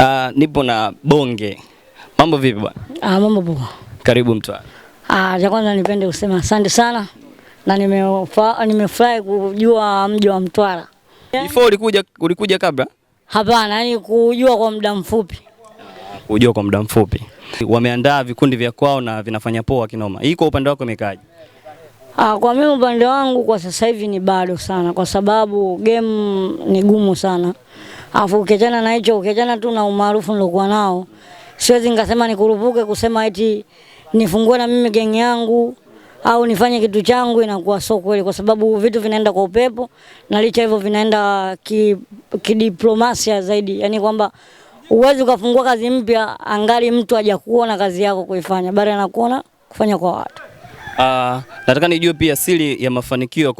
Uh, nipo na Bonge. Mambo vipi bwana? Ah, mambo poa. Karibu Mtwara. Ah, cha kwanza nipende kusema asante sana na nimefurahi kujua mji wa Mtwara. Before ulikuja ulikuja kabla? Hapana, yani kujua kwa muda mfupi. Kujua kwa muda mfupi. Wameandaa vikundi vya kwao na vinafanya poa kinoma. Hii kwa upande wako imekaje? Ah, kwa mimi upande wangu kwa sasa hivi ni bado sana kwa sababu game ni gumu sana. Afu ukiachana na hicho, ukiachana tu na umaarufu nilokuwa nao, siwezi nikasema nikurupuke kusema eti nifungue na mimi gengi yangu au nifanye kitu changu, inakuwa sio kweli, kwa sababu vitu vinaenda kwa upepo, na licha hivyo vinaenda kidiplomasia ki zaidi, yani kwamba uwezi ukafungua kazi mpya angali mtu hajakuona kazi yako kuifanya, bali anakuona kufanya kwa watu uh. Nataka nijue pia siri ya mafanikio ya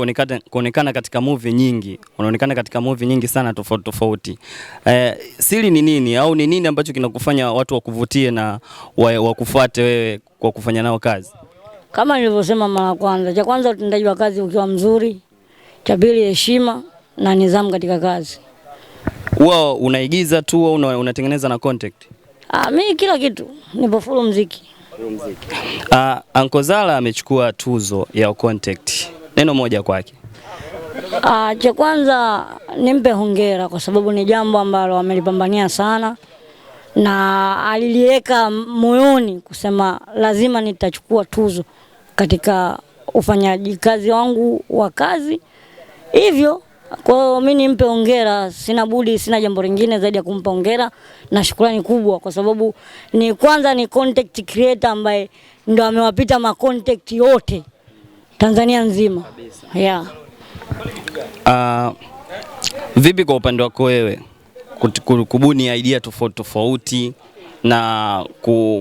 kuonekana katika movie nyingi. Unaonekana katika movie nyingi sana tofauti tofauti. Eh, siri ni nini au ni nini ambacho kinakufanya watu wakuvutie na wakufuate wewe kwa kufanya nao kazi? Kama nilivyosema mara kwanza, cha kwanza utendaji wa kazi ukiwa mzuri, cha pili heshima na nidhamu katika kazi. Huwa unaigiza tu au unatengeneza na contact? Ah, mimi kila kitu, nipo full muziki. Uh, Uncle Zala amechukua tuzo ya Contact. Neno moja kwake. Uh, cha kwanza nimpe hongera kwa sababu ni jambo ambalo amelipambania sana na aliliweka moyoni kusema lazima nitachukua tuzo katika ufanyaji kazi wangu wa kazi hivyo kwa hiyo mimi nimpe hongera, sina budi, sina jambo lingine zaidi ya kumpa hongera na shukrani kubwa, kwa sababu ni kwanza ni content creator ambaye ndo amewapita ma content yote Tanzania nzima yeah. Uh, vipi kwa upande wako wewe kubuni idea tofauti tofauti na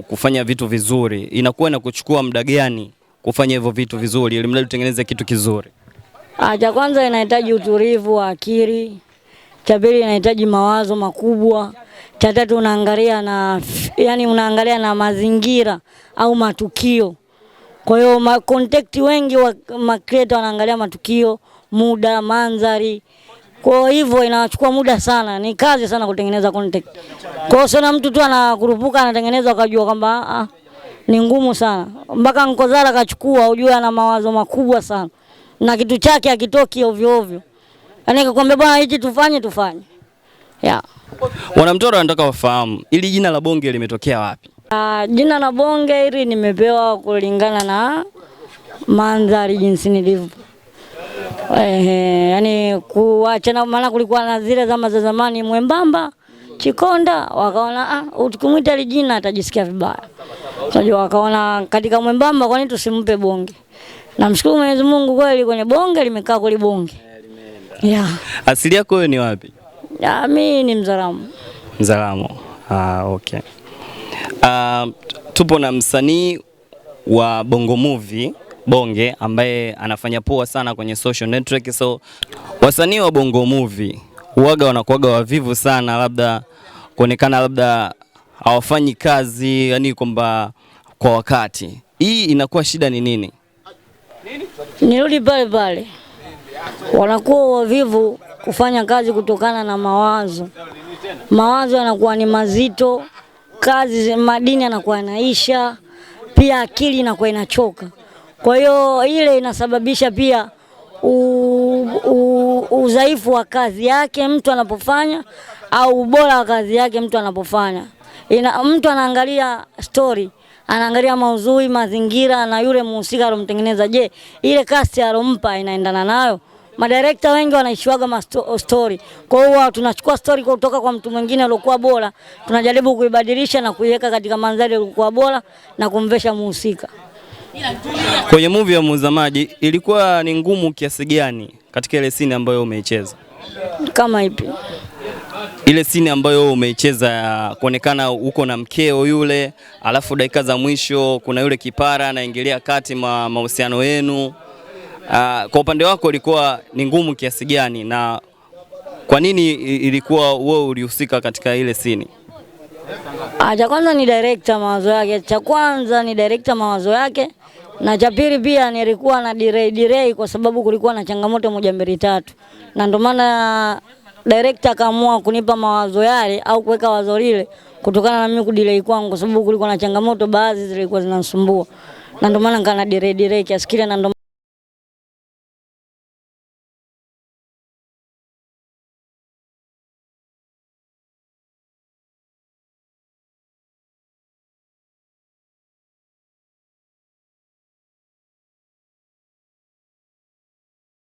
kufanya vitu vizuri, inakuwa na kuchukua muda gani kufanya hivyo vitu vizuri, ili mradi utengeneze kitu kizuri? Ah, cha kwanza inahitaji utulivu wa akili, cha pili inahitaji mawazo makubwa, cha tatu unaangalia na yani, unaangalia na mazingira au matukio. Kwa hiyo ma contact wengi wa ma creator wanaangalia matukio, muda, mandhari kwa hivyo inachukua muda sana, ni kazi sana kutengeneza contact. Kwa hiyo sana mtu tu anakurupuka anatengeneza ukajua kwamba ah, ah ni ngumu sana. Mpaka Nkozala kachukua, ujue ana mawazo makubwa sana na kitu chake akitoki ovyo ovyo. Yaani akakwambia bwana hichi tufanye tufanye. Yeah. Wanamtoro anataka wafahamu ili jina la bonge limetokea wapi? Uh, jina la bonge hili nimepewa kulingana na mandhari jinsi nilivyo. Eh, yani kuacha na maana kulikuwa na zile zama za zamani mwembamba Chikonda, wakaona ah, ukimwita jina atajisikia vibaya. Kwa hiyo wakaona katika mwembamba, kwani tusimpe bonge? Namshukuru Mwenyezi Mungu kweli, kwenye bonge limekaa kweli bonge. Yeah. Asili yako wewe ni wapi? Ah, mimi ni Mzaramo. Mzaramo. Ah, okay. Ah, tupo na msanii wa Bongo Movie Bonge ambaye anafanya poa sana kwenye social network. So wasanii wa Bongo Movie huaga wanakuaga wavivu sana, labda kuonekana labda hawafanyi kazi, yani kwamba kwa wakati. Hii inakuwa shida ni nini? nirudi pale pale. Wanakuwa wavivu kufanya kazi kutokana na mawazo. Mawazo yanakuwa ni mazito, kazi madini yanakuwa yanaisha, pia akili inakuwa inachoka. Kwa hiyo ile inasababisha pia udhaifu wa kazi yake mtu anapofanya au ubora wa kazi yake mtu anapofanya. Ina, mtu anaangalia story anaangalia mauzui, mazingira na yule muhusika alomtengeneza. Je, ile kasi alompa inaendana nayo? Madirekta wengi wanaishiwaga ma story. Kwa hiyo tunachukua story kutoka kwa mtu mwingine aliyokuwa bora, tunajaribu kuibadilisha na kuiweka katika mandhari iliyokuwa bora na kumvesha muhusika Kwenye movie ya Mtazamaji ilikuwa ni ngumu kiasi gani katika ile scene ambayo umeicheza? Kama ipi? ile sini ambayo umeicheza ya kuonekana uko na mkeo yule, alafu dakika za mwisho kuna yule kipara anaingilia kati ma mahusiano yenu, ah, kwa upande wako ilikuwa ni ngumu kiasi gani na kwa nini ilikuwa wewe ulihusika katika ile sini? Ah, cha kwanza ni director mawazo yake, cha kwanza ni director mawazo yake, na cha pili pia nilikuwa na delay delay, kwa sababu kulikuwa na changamoto moja mbili tatu, na ndio maana director akaamua kunipa mawazo yale au kuweka wazo lile kutokana na mimi kudelay kwangu, kwa sababu kulikuwa na changamoto baadhi zilikuwa zinanisumbua, na ndio maana na delay delay kiasi kile na